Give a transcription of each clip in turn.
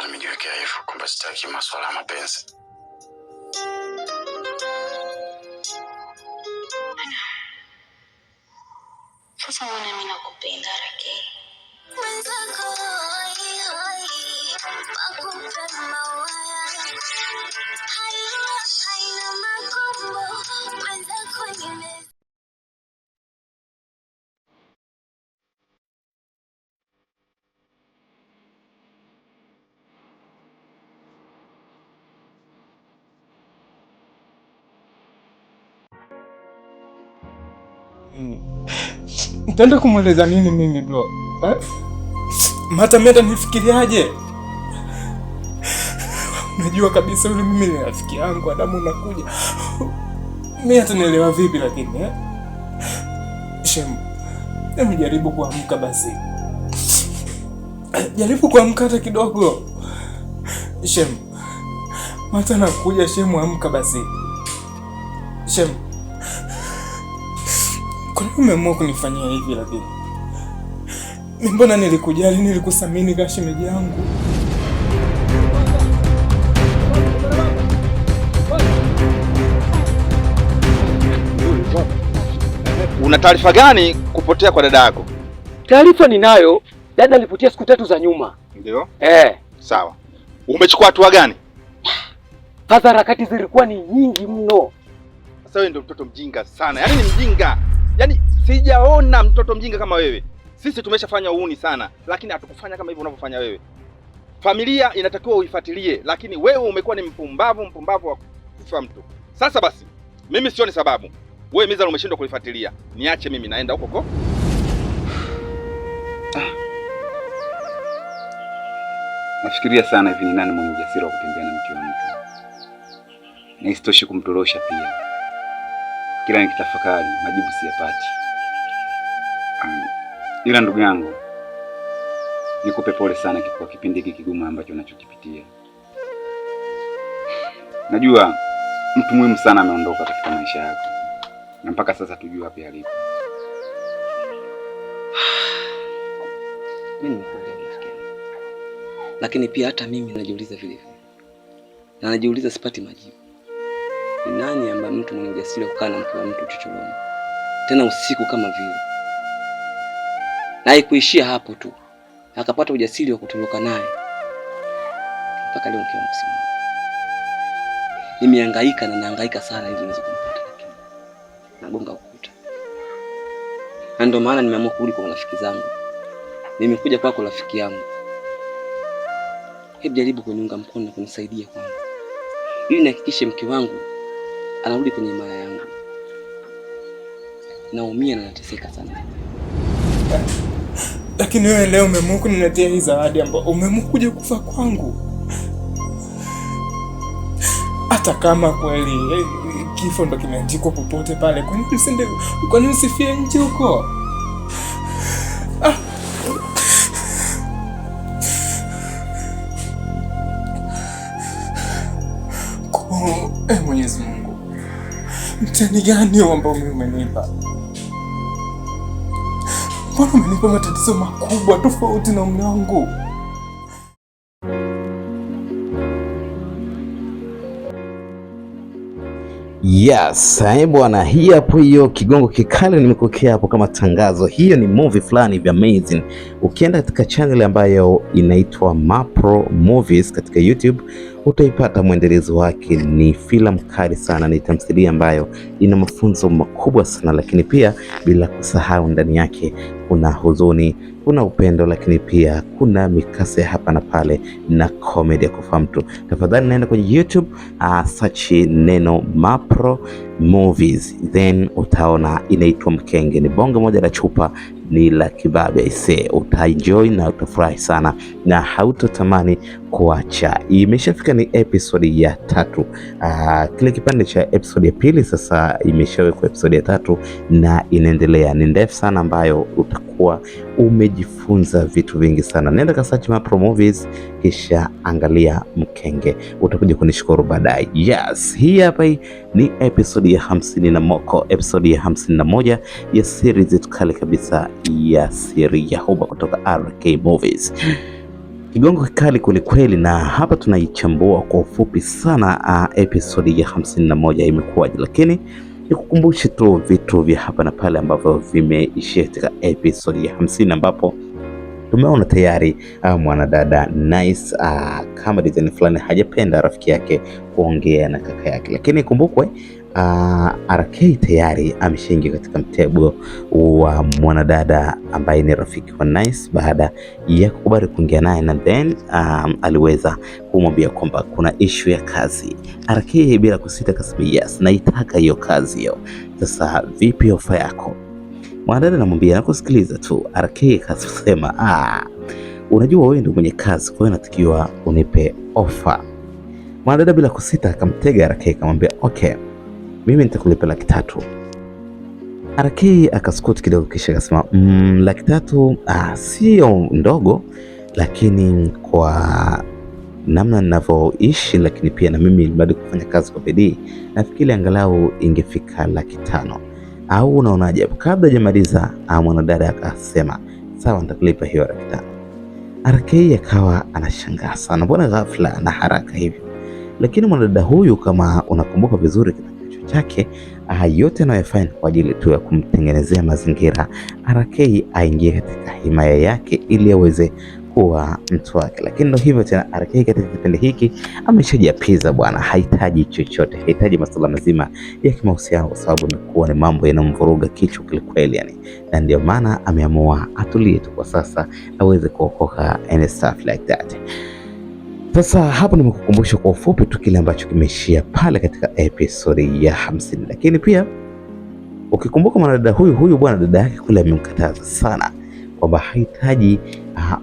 ndo nimejiwekea hivyo kwamba sitaki maswala ya mapenzi. Sasa uone mimi nakupenda Rake. Haina makombo Nitaenda kumweleza nini mimi bro? Eh? Mata meta nifikiriaje? Unajua kabisa yule mimi ni rafiki yangu, Adamu unakuja. Mimi hata nielewa vipi lakini eh? Shem. Hebu jaribu kuamka basi. Jaribu kuamka hata kidogo. Shem. Mata nakuja Shem, amka basi. Shem. Kwa nini umeamua kunifanyia hivi Lakini Ni mbona nilikujali, nilikusamini kama shemeji yangu. Una taarifa gani kupotea kwa dada yako? Taarifa ninayo, dada alipotea siku tatu za nyuma. Ndio? Eh. Sawa. Umechukua hatua gani? Hadharakati zilikuwa ni nyingi mno. Sasa wewe ndio mtoto mjinga sana, yaani ni mjinga Yaani sijaona mtoto mjinga kama wewe. Sisi tumeshafanya uhuni sana, lakini hatukufanya kama hivyo unavyofanya wewe. Familia inatakiwa uifuatilie, lakini wewe umekuwa ni mpumbavu, mpumbavu wa kufa mtu. Sasa basi, mimi sioni sababu wewe Mizan umeshindwa kulifuatilia. Niache mimi naenda huko ah. Nafikiria sana hivi, ni nani mwenye ujasiri wa kutembea na mke wa mtu, na isitoshe kumtorosha pia kila nikitafakari majibu siyapati. Um, ila ndugu yangu nikupe pole sana kwa kipindi hiki kigumu ambacho unachokipitia. Najua mtu muhimu sana ameondoka katika maisha yako na mpaka sasa tujue wapi alipo. Mimi lakini pia hata mimi najiuliza vile vile, na najiuliza sipati majibu. Ni nani ambaye mtu mwenye ujasiri kukaa na mke wa mtu chochoroni, tena usiku kama vile? Na haikuishia hapo tu, akapata ujasiri wa kutoroka naye mpaka leo. Mke wangu simu. nimehangaika na nahangaika sana ili niweze kumpata, lakini nagonga ukuta, na ndio maana nimeamua kurudi kwa rafiki zangu. Nimekuja kwako rafiki yangu, hebu jaribu kuniunga mkono na kunisaidia kwanza, ili nihakikishe mke wangu anarudi kwenye imani yangu. Naumia na nateseka sana. Lakini wewe leo umeamua kuniletea hii zawadi ambayo umeamua kuja kufa kwangu. Hata kama kweli eh, kifo ndo kimeandikwa popote pale, kwa nini Kwa nini usifie nje huko? Ah. Eh, Mwenyezi Mungu Mtani gani ambao mimi umenipa? Mbona umenipa matatizo makubwa tofauti na mume wangu? Yes, eh, bwana, hii hapo hiyo kigongo kikali nimekokea hapo kama tangazo. Hiyo ni movie fulani vya amazing. Ukienda katika channel ambayo inaitwa Mapro Movies katika YouTube utaipata mwendelezo wake. Ni filamu kali sana, ni tamthilia ambayo ina mafunzo makubwa sana, lakini pia bila kusahau ndani yake kuna huzuni, kuna upendo, lakini pia kuna mikasa ya hapa na pale na komedi ya kufahamu tu. Tafadhali naenda kwenye YouTube, uh, search neno Mapro Movies, then utaona inaitwa Mkenge. Ni bonge moja la chupa ni la kibabe ise, utaenjoy na utafurahi sana na hautatamani kuacha. Imeshafika ni episode ya tatu. Aa, ah, kile kipande cha episode ya pili sasa imeshawekwa episode ya tatu na inaendelea, ni ndefu sana, ambayo utakuwa umejifunza vitu vingi sana. Nenda search Mapro Movies kisha angalia mkenge, utakuja kunishukuru baadaye. Yes, hii hapa ni episode ya hamsini na moko, episode ya hamsini na moja ya series yetu kali kabisa ya siri ya Huba kutoka RK Movies. Kigongo kikali kwelikweli, na hapa tunaichambua kwa ufupi sana uh, episodi ya 51 imekuwaje, lakini nikukumbushe tu vitu vya hapa na pale ambavyo vimeishia katika episodi ya 50 ambapo Tumeona tayari ah, mwanadada Nice ah, kama design fulani hajapenda rafiki yake kuongea na kaka yake, lakini kumbukwe Uh, ah, RK tayari ameshaingia katika mtego wa mwanadada ambaye ni rafiki wa Nice baada ya kukubali kuingia naye na then um, aliweza kumwambia kwamba kuna ishu ya kazi. RK bila kusita kasema yes, naitaka hiyo kazi hiyo. Sasa vipi ofa yako? Mwanadada anamwambia nakusikiliza tu. RK kasema ah, unajua wewe ndio mwenye kazi, kwa hiyo natakiwa unipe ofa. Mwanadada bila kusita akamtega RK akamwambia okay, mimi nitakulipa laki tatu. RK akasukuti kidogo, kisha akasema mm, laki tatu ah, sio ndogo, lakini kwa namna ninavyoishi, lakini pia na mimi ilimradi kufanya kazi kwa bidii, nafikiri angalau ingefika laki tano au unaonaje? Kabla hajamaliza ah, mwanadada akasema sawa, nitakulipa hiyo laki tano. RK akawa anashangaa sana, mbona ghafla na haraka hivyo? Lakini mwanadada huyu kama unakumbuka vizuri kicho chake ah, yote anayofanya kwa ajili tu ya kumtengenezea mazingira RK aingie katika himaya yake ili aweze kuwa mtu wake. Lakini ndio hivyo tena, RK katika kipindi hiki ameshajiapiza bwana, hahitaji chochote, hahitaji masuala mazima ya kimahusiano, kwa sababu imekuwa ni mambo yanamvuruga kichwa kwelikweli yani, na ndio maana ameamua atulie tu kwa sasa aweze kuokoka and stuff like that. Sasa hapo nimekukumbusha kwa ufupi tu kile ambacho kimeishia pale katika episodi ya hamsini, lakini pia ukikumbuka mwanadada huyu huyu bwana dada yake kule amemkataza sana kwamba hahitaji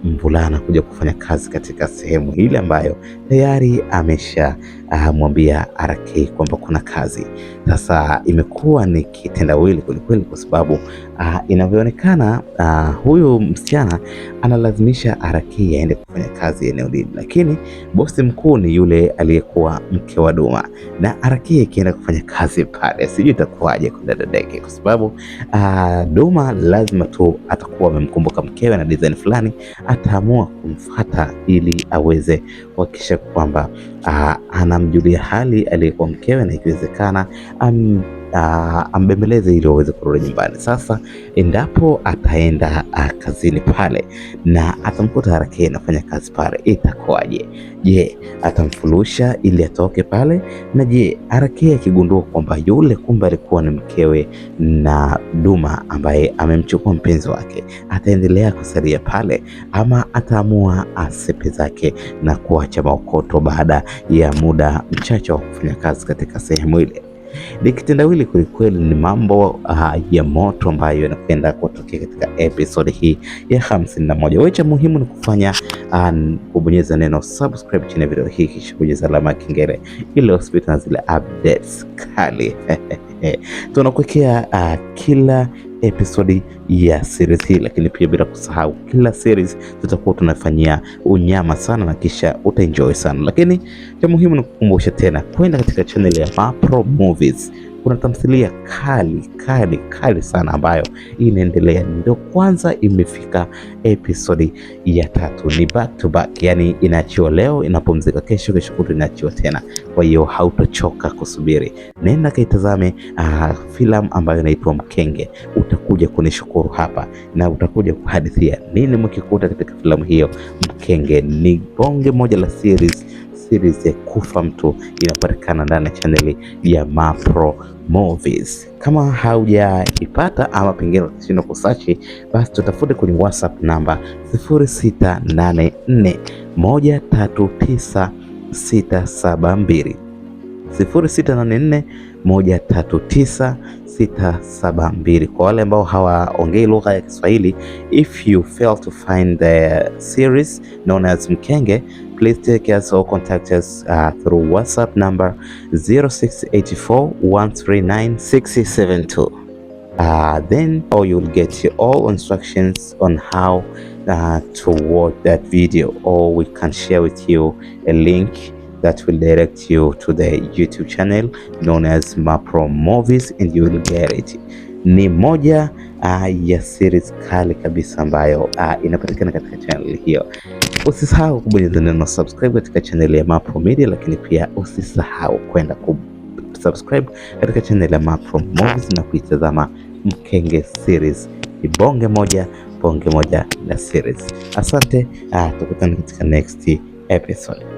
mvulana kuja kufanya kazi katika sehemu ile ambayo tayari amesha uh, ah, RK kwamba kuna kazi. Sasa imekuwa ni kitendawili kwelikweli, kwa sababu uh, inavyoonekana uh, huyu msichana analazimisha RK aende kufanya kazi eneo lile, lakini bosi mkuu ni yule aliyekuwa mke wa Duma, na RK akienda kufanya kazi pale, sijui itakuwaje kwa dada Deke, kwa sababu uh, Duma lazima tu atakuwa amemkumbuka mkewe na design fulani ataamua kumfata ili aweze kuhakikisha kwamba ah, anamjulia hali aliyekuwa mkewe na ikiwezekana uh, ambembeleze ili waweze kurudi nyumbani. Sasa endapo ataenda uh, kazini pale na atamkuta Haraka anafanya kazi pale, itakuwaje? Je, atamfurusha ili atoke pale? Na je, Haraka akigundua kwamba yule kumbe alikuwa ni mkewe na Duma ambaye amemchukua mpenzi wake, ataendelea kusalia pale ama ataamua asepe zake na kuacha maokoto baada ya muda mchache wa kufanya kazi katika sehemu ile? Ni kitendawili kwelikweli, ni mambo uh, ya moto ambayo yanakwenda kutokea katika episode hii ya 51. Wewe wecha muhimu ni kufanya uh, kubonyeza neno subscribe chini ya video hii, kisha bonyeza alama ya kengele ili usipitwe na zile updates kali tunakuwekea uh, kila episodi ya series hii, lakini pia bila kusahau, kila series tutakuwa tunafanyia unyama sana na kisha utaenjoy sana. Lakini cha muhimu ni kukumbusha tena kwenda katika channel ya Mapro Movies kuna tamthilia kali kali kali sana ambayo inaendelea, ndio kwanza imefika episodi ya tatu, ni back to back, yani inaachiwa leo, inapumzika kesho, kesho kutu inaachiwa tena. Kwa hiyo hautochoka kusubiri, nenda kaitazame uh, ah, filamu ambayo inaitwa Mkenge. Utakuja kunishukuru hapa na utakuja kuhadithia nini mkikuta katika filamu hiyo Mkenge. Ni bonge moja la series series ya kufa mtu inapatikana ndani ya chaneli ya Mapro Movies. Kama haujaipata ama pengine unashindwa kusachi, basi tutafute kwenye WhatsApp namba 0684139672 0684 kwa wale ambao hawaongei lugha ya Kiswahili, if you fail to find the series known as Mkenge please take us or contact us uh, through WhatsApp number 0684139672. Uh, then or you'll get all instructions on how uh, to watch that video or we can share with you a link that will direct you to the YouTube channel known as Mapro Movies and you will get it. Ni moja uh, ya series kali kabisa ambayo uh, inapatikana katika channel hiyo. Usisahau kubonyeza neno subscribe katika channel ya Mapro Media, lakini pia usisahau kwenda kusubscribe katika channel ya Mapro Movies na kuitazama Mkenge series. Ibonge moja bonge moja na series. Asante, ah, tukutane katika next episode.